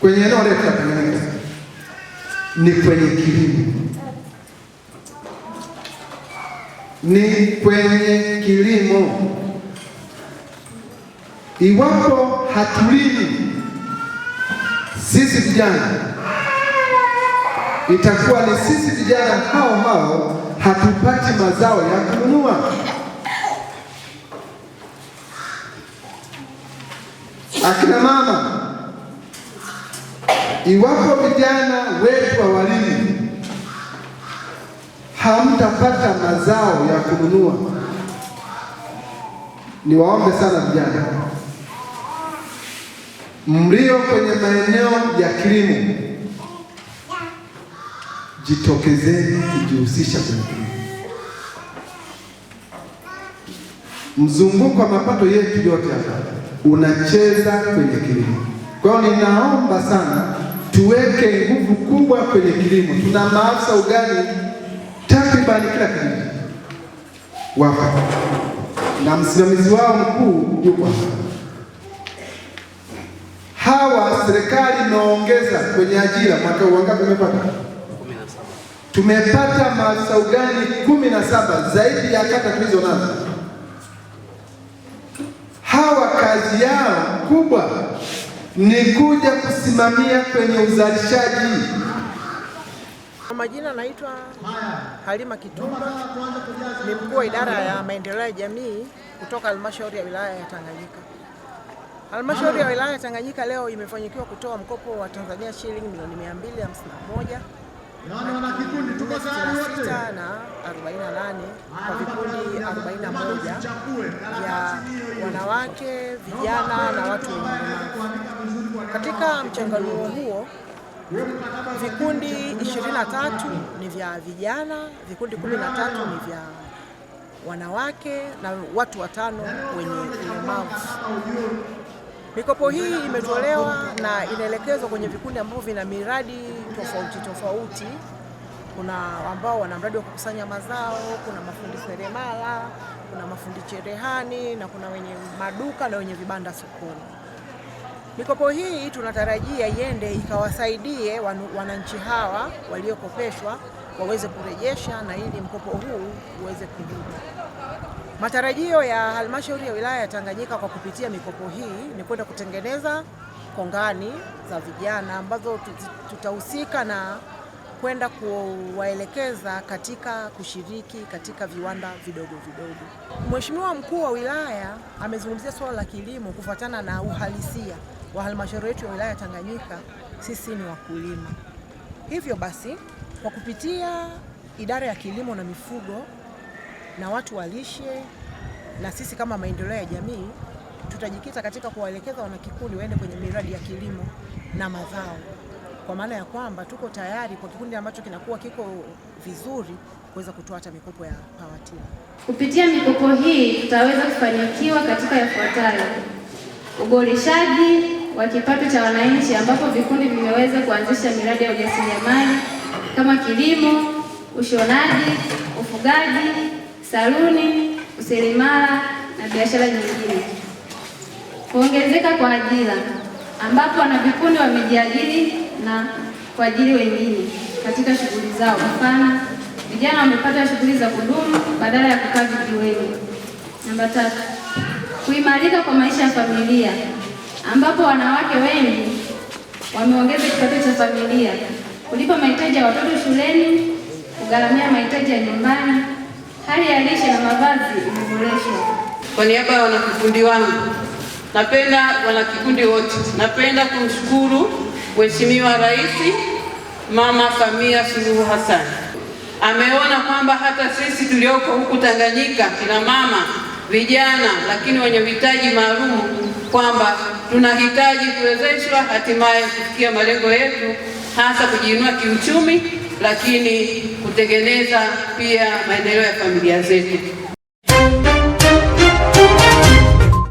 kwenye eneo letu la Tanganyika ni kwenye kilimo, ni kwenye kilimo. Iwapo hatulimi sisi vijana, itakuwa ni sisi vijana hao hao hatupati mazao ya kununua. Akina mama Iwapo vijana wetu wa walimu hamtapata mazao ya kununua, niwaombe sana vijana mlio kwenye maeneo ya kilimo, jitokezeni kujihusisha kwenye kilimo. Mzunguko wa mapato yetu yote hapa unacheza kwenye kilimo. Kwa hiyo ninaomba sana tuweke nguvu kubwa kwenye kilimo. Tuna maafisa ugani takribani kila kijiji wapo, na msimamizi wao mkuu yupo. hapa. Hawa serikali imeongeza kwenye ajira, mwaka wangapi tumepata? Tumepata maafisa ugani kumi na saba zaidi ya kata tulizo nazo. Hawa kazi yao kubwa ni kuja kusimamia kwenye uzalishaji. Kwa majina naitwa Halima Kitumba, ni mkuu wa idara ya maendeleo ya jamii kutoka halmashauri ya wilaya ya Tanganyika. Halmashauri ya wilaya ya Tanganyika leo imefanyikiwa kutoa mkopo wa Tanzania shilingi milioni 251 66 na 48 kwa vikundi 41 ya wanawake, vijana na watu wengine. Katika mchanganuo huo vikundi 23 ni vya vijana, vikundi 13 ni vya wanawake na watu watano yaani wenye ulemavu. Mikopo hii imetolewa na inaelekezwa kwenye vikundi ambavyo vina miradi tofauti tofauti. Kuna ambao wana mradi wa kukusanya mazao, kuna mafundi seremala, kuna mafundi cherehani na kuna wenye maduka na wenye vibanda sokoni. Mikopo hii tunatarajia iende ikawasaidie wananchi hawa waliokopeshwa waweze kurejesha na ili mkopo huu uweze kurudi. Matarajio ya halmashauri ya wilaya ya Tanganyika kwa kupitia mikopo hii ni kwenda kutengeneza kongani za vijana ambazo tutahusika na kwenda kuwaelekeza katika kushiriki katika viwanda vidogo vidogo. Mheshimiwa mkuu wa wilaya amezungumzia suala la kilimo kufuatana na uhalisia wa halmashauri yetu ya wilaya ya Tanganyika. Sisi ni wakulima, hivyo basi kwa kupitia idara ya kilimo na mifugo na watu walishe, na sisi kama maendeleo ya jamii tutajikita katika kuwaelekeza wanakikundi waende kwenye miradi ya kilimo na mazao, kwa maana ya kwamba tuko tayari kwa kikundi ambacho kinakuwa kiko vizuri kuweza kutoa hata mikopo ya pawatia. Kupitia mikopo hii tutaweza kufanikiwa katika yafuatayo: uboreshaji wa kipato cha wananchi, ambapo vikundi vimeweza kuanzisha miradi ya ujasiriamali kama kilimo, ushonaji, ufugaji saluni, useremala na biashara nyingine. Kuongezeka kwa ajira ambapo wana wamejiajiri na kuajiri wengine katika shughuli zao. Mfano, vijana wamepata shughuli za kudumu badala ya kukaa vijiweni. Namba tatu, kuimarika kwa maisha ya familia ambapo wanawake wengi wameongeza kipato cha familia, kulipa mahitaji ya watoto shuleni, kugharamia mahitaji ya nyumbani hali ya lishe na mavazi imeboreshwa. Kwa niaba ya wanakikundi wangu, napenda wanakikundi wote, napenda kumshukuru Mheshimiwa Rais Mama Samia Suluhu Hassan ameona kwamba hata sisi tulioko huku Tanganyika, kina mama, vijana, lakini wenye vitaji maalum, kwamba tunahitaji kuwezeshwa hatimaye kufikia malengo yetu, hasa kujiinua kiuchumi lakini kutengeneza pia maendeleo ya familia zetu.